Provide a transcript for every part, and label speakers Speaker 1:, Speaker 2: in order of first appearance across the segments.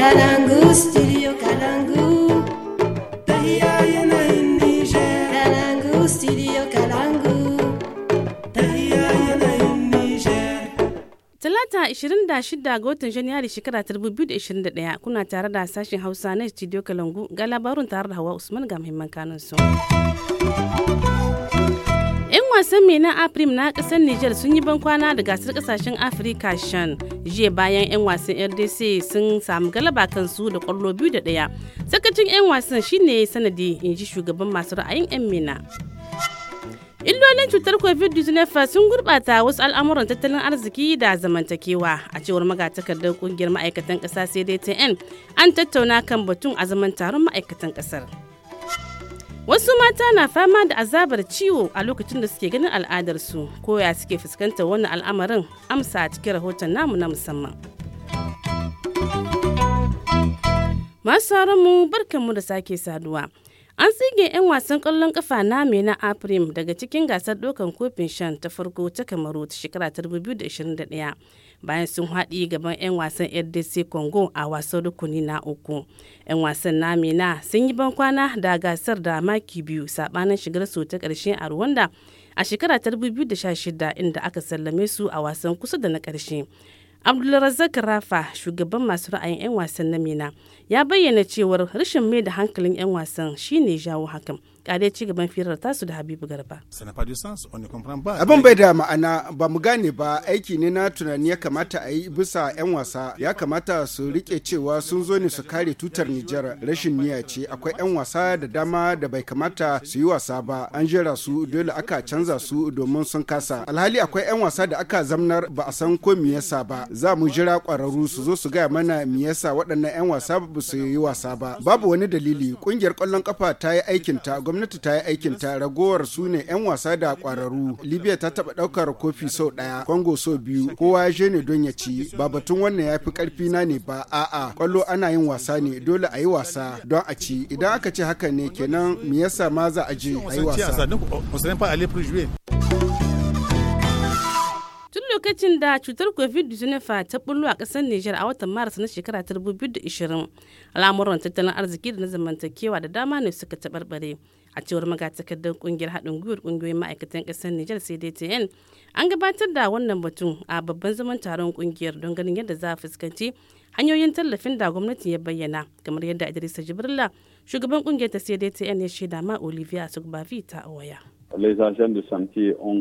Speaker 1: Kalangu,
Speaker 2: studio Kalangu.
Speaker 3: yanayin Kalangu, studio Kalangu. yanayin Talata 26 ga watan Janairu shekara 2021 kuna tare da sashen Hausa na studio Kalangu ga labarun tare da Hawa Usman ga muhimman kanunsu. wasan mena aprim na kasar niger sun yi bankwana da gasar kasashen afirka shan jiya bayan 'yan wasan rdc sun samu galaba kansu da kwallo biyu da daya sakacin 'yan wasan shine sanadi in ji shugaban masu ra'ayin 'yan mena illolin cutar covid-19 sun gurbata wasu al'amuran tattalin arziki da zamantakewa a cewar magatakardar kungiyar ma'aikatan kasa cdtn an tattauna kan batun a zaman taron ma'aikatan kasar Wasu mata na fama da azabar ciwo a lokacin da suke ganin al'adarsu ko ya suke fuskantar wannan al'amarin amsa a cikin rahoton namu na musamman. Masu mu barkanmu da sake saduwa. An tsige 'yan wasan ƙwallon kafa na na Afrim daga cikin gasar ɗaukan kofin shan ta farko ta Kamaru ta shekara 2021 bayan sun haɗi gaban 'yan wasan RDC Congo a wasan rukuni na uku. 'Yan wasan na na sun yi ban kwana da gasar da maki biyu sabanin shigar su ta ƙarshe a Rwanda a shekara 2016 inda aka sallame su a wasan kusa da na ƙarshe. abdulrazak rafa shugaban masu ra'ayin 'yan wasan na mina ya bayyana cewar rashin mai da hankalin 'yan wasan shine jawo hakan ga dai ci gaban firar tasu da Habibu Garba. Abin
Speaker 1: bai da ma'ana ba mu gane ba aiki ne na tunani ya kamata a yi bisa 'yan wasa ya kamata su rike cewa sun zo ne su kare tutar Nijar rashin niyya ce akwai 'yan wasa da dama da bai kamata su yi wasa ba an jera su dole aka canza su domin sun kasa alhali akwai 'yan wasa da aka zamnar ba a san ko me yasa ba za mu jira kwararru su zo su gaya mana me yasa waɗannan 'yan wasa ba su yi wasa ba babu wani dalili ƙungiyar ƙwallon kafa ta yi aikinta gwamnati gwamnati ta yi aikin ta ragowar su ne 'yan wasa da kwararru libya ta taba daukar kofi sau daya congo sau biyu kowa ya je ne don ya ci ba batun wannan ya fi karfi na ne ba a'a kwallo ana yin wasa ne dole a yi wasa don a ci idan aka ce haka ne kenan me yasa ma za a je a yi wasa
Speaker 3: tun lokacin da cutar covid-19 ta bullo a kasar niger a watan maris na shekara ta 2020 al'amuran tattalin arziki da na zamantakewa da dama ne suka taɓarɓare a cewar magatakardar kungiyar haɗin gwiwar kungiyoyin ma'aikatan ƙasar Nijar cdtn an gabatar da wannan batun a babban zaman taron kungiyar don ganin yadda za a fuskanci hanyoyin tallafin da gwamnati ya bayyana kamar yadda Idrisa Jibrila shugaban kungiyar ta CDTN ya shaida ma Olivia Sugbavi ta waya.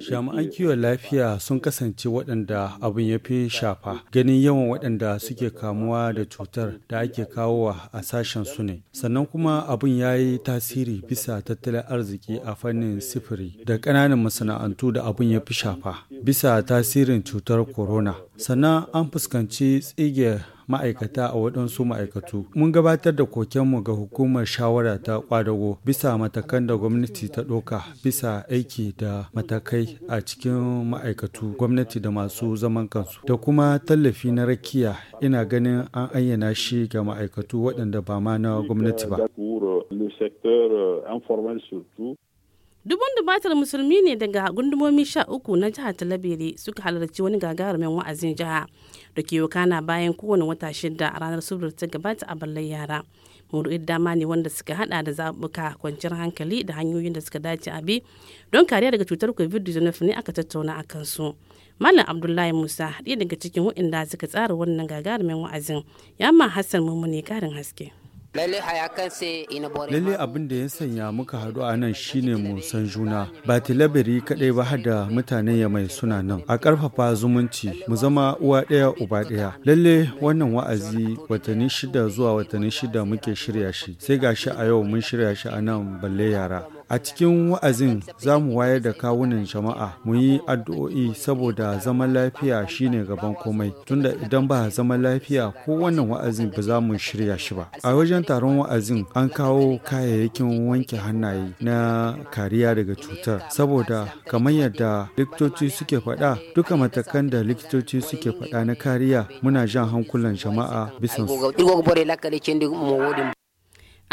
Speaker 2: Jami'an kiwon lafiya sun kasance waɗanda abin ya fi shafa ganin yawan waɗanda suke kamuwa da cutar da ake kawowa a sashen su ne. Sannan kuma abin ya yi tasiri bisa tattalin arziki a fannin sifiri da ƙananan masana'antu da abin ya fi shafa bisa tasirin cutar corona. sannan an fuskanci tsige ma'aikata a waɗansu ma'aikatu. Mun gabatar da kokenmu ga hukumar shawara ta ƙwadago bisa matakan da gwamnati ta ɗauka bisa aiki da matakai a cikin ma'aikatu gwamnati da masu zaman kansu da kuma tallafi na rakiya ina ganin an ayyana shi ga ma'aikatu waɗanda ba ma na gwamnati ba.
Speaker 3: dubun dubatar musulmi ne daga gundumomi sha uku na jihar talabere suka halarci wani gagarumin wa'azin jiha da ke wakana bayan kowane wata shida a ranar subur ta gabata a ballar yara muru'in dama ne wanda suka hada da zabuka kwanciyar hankali da hanyoyin da suka dace a bi don kariya daga cutar covid-19 ne aka tattauna a kansu malam abdullahi musa ɗaya daga cikin waɗanda suka tsara wannan gagarumin wa'azin ya ma hassan mummuni karin haske Lalle abin
Speaker 2: da ya sanya muka haɗu a nan shine mu san juna. Ba tilabiri kaɗai ba da mutanen ya mai suna nan. A ƙarfafa zumunci mu zama uwa ɗaya uba ɗaya. Lallai wannan wa'azi watanni shida zuwa watanni shida muke shirya shi. Sai gashi a yau mun shirya shi a nan balle yara. A cikin wa'azin za mu wayar da kawunan jama'a mu yi addu'o'i saboda zaman lafiya shine gaban komai tunda idan ba zaman lafiya ko wannan wa'azin ba za mu shirya shi ba. A wajen taron wa'azin an kawo kayayyakin wanke hannaye na kariya daga cutar saboda kamar yadda likitoci suke faɗa duka matakan da likitoci suke faɗa na kariya muna jan hankulan jama'a bisa.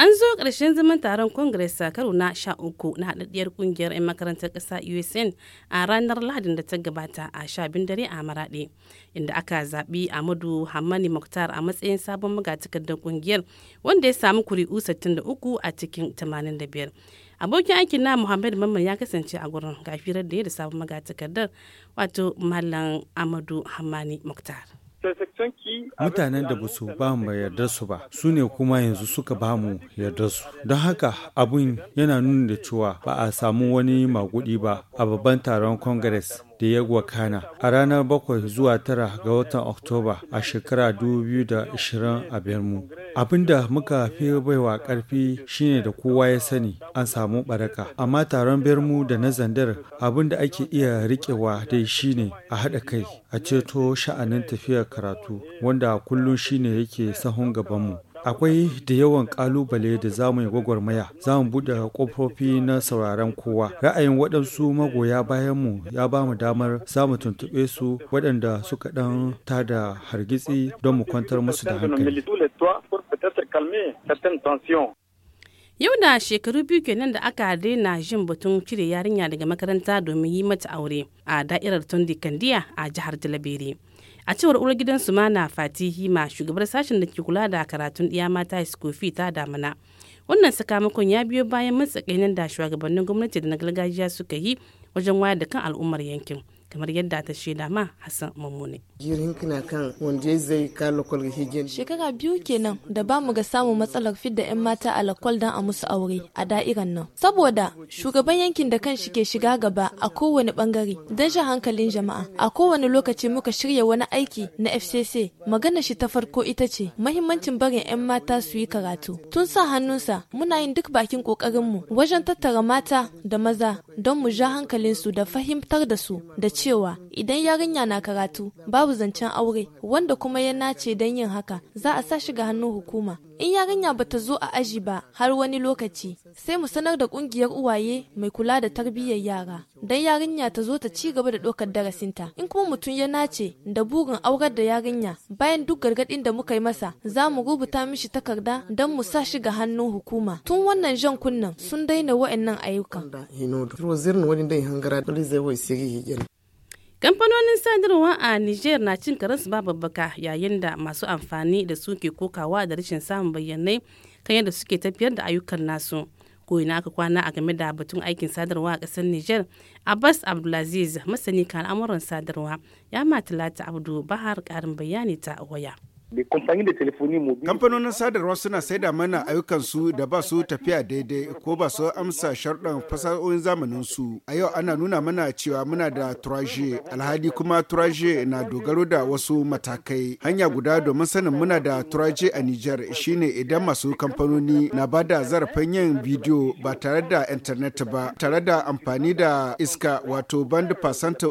Speaker 3: an zo ƙarshen zaman taron congress a karo na sha uku na haɗaɗɗiyar ƙungiyar 'yan makarantar ƙasa usn a ranar lahadin da ta gabata a sha dare a maraɗe inda aka zaɓi amadu hamani muktar a matsayin sabon magatakardar ƙungiyar wanda ya samu kuri'u 63 a cikin 85 abokin aikin na muhammad mamman ya kasance a gurin gafirar da ya da sabon magatakardar wato mallam amadu hamani muktar
Speaker 2: Mutanen da ba su ba mu yarda su ba, su ne kuma yanzu suka ba mu yarda su. Don haka abun yana nuna da cewa ba a samu wani magudi ba a babban taron Congress da ya wakana a ranar bakwai zuwa tara ga watan Oktoba a shekara 2020 a birnin Abin da muka fi baiwa ƙarfi shine da kowa ya sani an samu baraka, amma taron Bermu da na zandar abin da ake iya rikewa dai shine a haɗa kai a ceto sha'anin tafiyar karatu wanda kullum shine yake sahun gabanmu. akwai da yawan kalubale da za mu yi gwagwarmaya za mu buɗe ƙofofi na sauraron kowa ra'ayin waɗansu magoya bayan mu ya ba mu damar za mu tuntuɓe su waɗanda suka ɗan ta-da hargitsi don mu kwantar musu da hankali
Speaker 3: Yau da shekaru biyu kenan da aka daina jin batun cire yarinya daga makaranta domin yi mata aure a da'irar Tundi Kandiya a jihar Talabere. a cewar uwar gidan su fati fatihima shugabar sashen da ke kula da karatun ɗiya mata iskofi ta damana wannan sakamakon ya biyo bayan nan da shugabannin gwamnati da na gargajiya suka yi wajen wayar da kan al'ummar yankin kamar yadda ta shaida ma Hassan Mammune. Jirin kina kan wanda zai ka lokal hijin. Shekara biyu kenan da ba mu ga samun matsalar fidda 'yan mata a lakwal don a musu aure a da'iran nan. Saboda shugaban yankin da kan shi ke shiga gaba a kowane bangare don sha hankalin jama'a. A kowane lokaci muka shirya wani aiki na FCC magana shi ta farko ita ce mahimmancin barin 'yan mata su yi karatu. Tun sa hannunsa muna yin duk bakin mu wajen tattara mata da maza don mu ja hankalinsu da fahimtar da su da cewa idan yarinya na karatu babu zancen aure wanda kuma ya nace don yin haka za a sa shi ga hannun hukuma. In yarinya ba ta zo a aji ba har wani lokaci sai mu sanar da kungiyar uwaye mai kula da tarbiyyar yara don yarinya ta zo ta ci gaba da ɗaukar darasinta. In kuma mutum ya nace da burin aurar da yarinya bayan duk gargaɗin da muka yi masa za mu rubuta mishi takarda don mu sa shi ga hannun hukuma. Tun wannan jan kunnan sun daina wa'annan ayyukan. kamfanonin sadarwa a niger na cin karansu ba babbaka yayin da masu amfani da su ke kokawa da rashin samun bayyanai kan yadda suke tafiyar da ayyukan nasu ko ina aka kwana a game da batun aikin sadarwa a ƙasar niger abbas abdulaziz masani kan al'amuran sadarwa ya talata abdu bahar karin bayani ta waya
Speaker 1: Kamfanonin sadarwa suna saida mana ayyukansu da ba su tafiya daidai ko ba su amsa sharɗan fasahohin zamaninsu. A yau ana nuna mana cewa muna da turaje, alhali kuma turaje na dogaro da wasu matakai. Hanya guda domin sanin muna da turaje a Nijar shine idan masu kamfanoni na ba da zarafin yin bidiyo ba tare da intanet ba, tare da amfani da iska wato band percent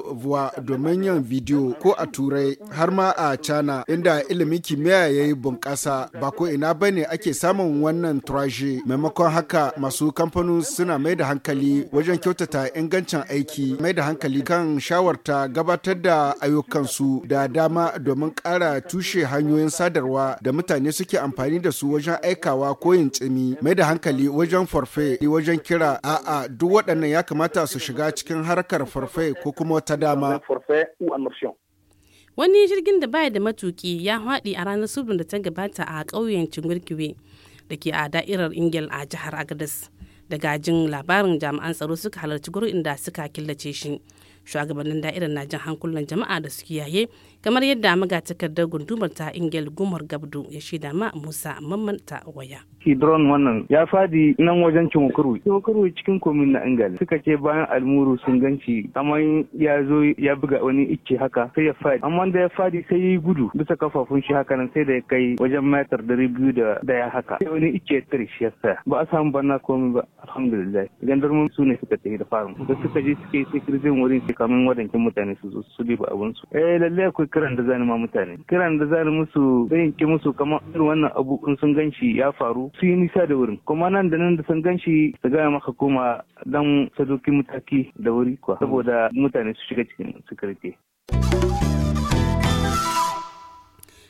Speaker 1: domin yin bidiyo ko a turai har ma a cana inda ilimin kimiyya ya yi bunƙasa ba ko ina ba ne ake samun wannan turaje maimakon haka masu kamfanin suna mai da hankali wajen kyautata ingancin aiki mai da hankali kan shawarta gabatar da ayyukansu da dama domin ƙara tushe hanyoyin sadarwa da mutane suke amfani da su wajen aikawa ko yin tsimi mai da hankali wajen farfe wajen kira a'a duk waɗannan ya kamata su shiga cikin harkar farfe ko kuma ta dama.
Speaker 3: wani jirgin da baya da matuki ya haɗi a ranar subin da ta gabata a ƙauyen cingurkiwe da ke a da'irar ingil a jihar agadas da gajin labarin jami'an tsaro suka halarci gurin da suka killace shi shugabannin da'irar na jin hankulan jama'a da su kiyaye kamar yadda magatakardar gundumar ta ingel gumar gabdu ya shaida ma musa mamman ta waya
Speaker 2: hidron wannan ya fadi nan wajen cimokuru cimokuru cikin komin na ingel suka ce bayan almuru sun ganci amma ya zo ya buga wani icce haka sai ya fadi amma da ya fadi sai ya yi gudu bisa kafafun shi haka nan sai da ya kai wajen metar dari biyu da daya haka sai wani icce ya tare shi ya saya ba a samu barna komai ba alhamdulillah gandarmu su ne suka tafi da farin da suka je suke sai wurin kamin wadankin mutane su zo su bi abun su eh lalle akwai kiran da zani ma mutane kiran da zani musu zan yanke musu kamar irin wannan abu in sun ganshi ya faru su yi nisa da wurin kuma nan da nan da sun ganshi su gaya maka koma dan sadoki mutaki da wuri kuwa saboda mutane su shiga cikin su karfe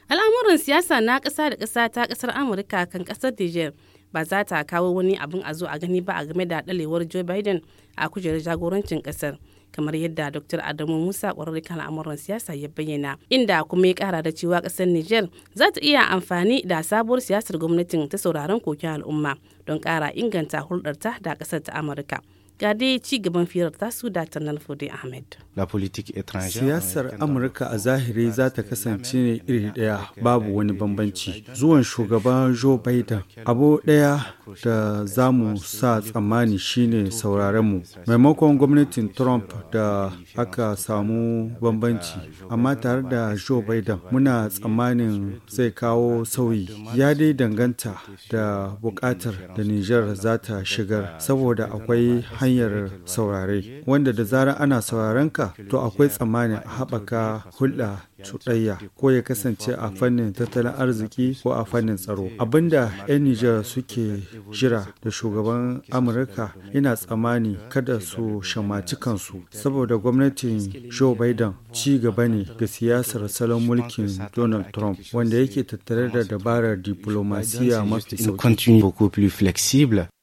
Speaker 3: al'amuran siyasa na ƙasa da ƙasa ta ƙasar amurka kan ƙasar niger ba za ta kawo wani abin a zo a gani ba a game da dalewar joe biden a kujerar jagorancin kasar kamar yadda dr adamu musa kwararri kan al'amuran siyasa ya bayyana inda kuma ya kara da cewa kasar niger za ta iya amfani da sabuwar siyasar gwamnatin ta sauraron koken al'umma don kara inganta hulɗarta da kasar ta amurka gade ci gaban firar tasu da tanan fode ahmed
Speaker 2: siyasar amurka a zahiri za ta kasance ne iri daya babu wani bambanci zuwan shugaban joe biden abu daya da za mu sa tsammani shine mu. maimakon gwamnatin trump da aka samu bambanci amma tare da joe biden muna tsammanin zai kawo sauyi ya dai danganta da bukatar da niger za ta shigar saboda akwai hanyar saurare wanda da zarar ana sauraren ka to akwai tsammanin a haɓaka hulɗa cuɗayya ko ya kasance a fannin tattalin arziki ko a fannin tsaro abinda 'yan Nijar suke jira da shugaban amurka yana tsammani kada su shamaci kansu saboda gwamnatin joe biden ci gaba ne ga siyasar salon mulkin donald trump wanda yake tattare da dabarar diplomasiya mafi
Speaker 1: sauki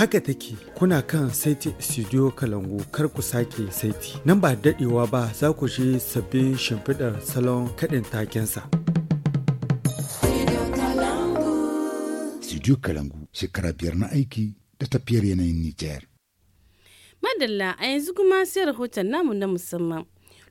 Speaker 2: haka take kuna kan saiti studio kalangu kar ku sake saiti nan ba dadewa ba za ku shi sabbin shimfiɗar salon kaɗin takensa.
Speaker 1: Studio Kalangu shekara biyar na aiki da tafiyar yanayin Nijar.
Speaker 3: Madalla a yanzu kuma sai rahoton namu na musamman.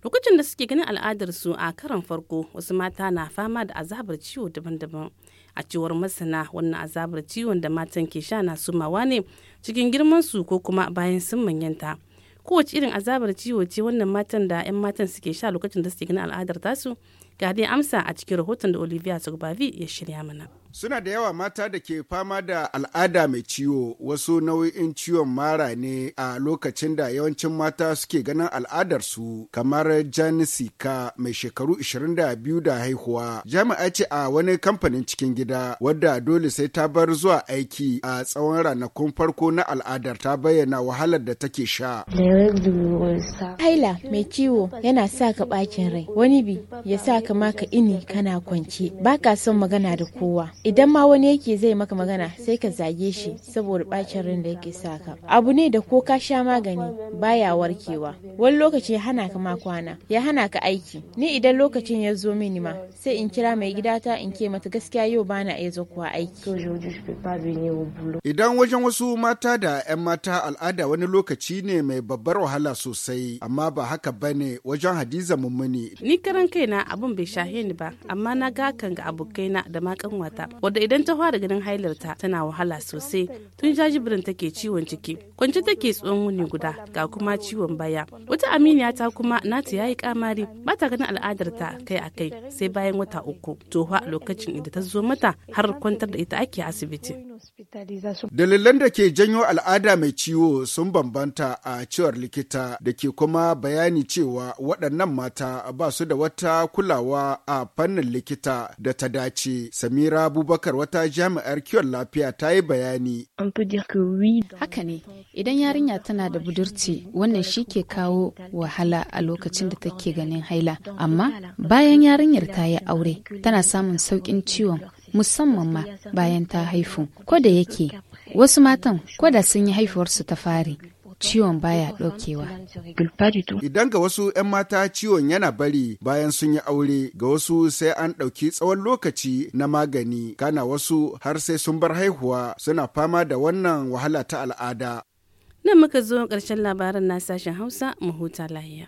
Speaker 3: Lokacin da suke ganin al'adarsu a karan farko wasu mata na fama da azabar ciwo daban-daban. a cewar masana wannan azabar ciwon da matan ke sha na sumawa ne cikin girman su ko kuma bayan sun manyanta kowace irin azabar ciwo ce wannan matan da 'yan matan suke sha lokacin da suke gina al'adar tasu ga dai amsa a cikin rahoton da olivia sugbavi ya shirya mana
Speaker 1: Suna da yawa mata da ke fama da al'ada mai ciwo wasu nau'in ciwon mara ne a lokacin da yawancin mata suke ganin al'adarsu kamar Janisika mai shekaru 22 da haihuwa. Jami'a ce a wani kamfanin cikin gida wadda dole sai ta bar zuwa aiki a tsawon ranakun farko na al'adar ta bayyana wahalar da take sha.
Speaker 3: Haila mai ciwo yana sa ka ɓacin rai wani bi ya sa ka maka ini kana kwance ba ka son magana da kowa. idan ma wani yake zai maka magana sai ka zage shi saboda bacin rin da yake ka. abu ne da ko ka sha magani baya warkewa wani lokaci ya hana ka ma kwana ya hana ka aiki ni idan lokacin ya zo mini ma sai in kira mai gidata in ke mata gaskiya yau bana iya zo kuwa aiki
Speaker 1: idan wajen wasu mata da 'yan mata al'ada wani lokaci ne mai babbar wahala sosai amma ba haka bane wajen hadiza mummuni
Speaker 3: ni karan kaina abun bai shahe ni ba amma na ga kanga ga abokaina da ma kanwata wadda idan ta fara ganin hailarta tana wahala sosai tun jajibirin take ciwon ciki kwance take tsohon wuni guda ga kuma ciwon baya wata aminiya ta kuma nata yayi kamari ba ta ganin al'adarta kai a kai sai bayan wata uku tofa a lokacin da ta zo mata har kwantar da ita ake asibiti
Speaker 1: Dalilan da ke janyo al'ada mai ciwo sun bambanta a cewar likita da ke kuma bayani cewa waɗannan mata ba su da wata kulawa a fannin likita da ta dace. Samira Abubakar wata jami'ar kiwon lafiya ta yi bayani.
Speaker 3: Haka ne, idan yarinya tana da budurci wannan shi ke kawo wahala a lokacin da take ganin haila. Amma bayan yarinyar ta yi aure, tana samun sauƙin ciwon musamman ma bayan ta haifu. Ko da yake wasu matan ko da sun yi haifuwarsu ta fari ciwon baya ɗaukewa.
Speaker 1: Idan ga wasu 'yan mata ciwon yana bari bayan sun yi aure ga wasu sai an ɗauki tsawon lokaci na magani kana wasu har sai sun bar haihuwa suna fama da wannan wahala ta al'ada.
Speaker 3: Nan muka zo ƙarshen labaran na sashen Hausa mu huta lahiya.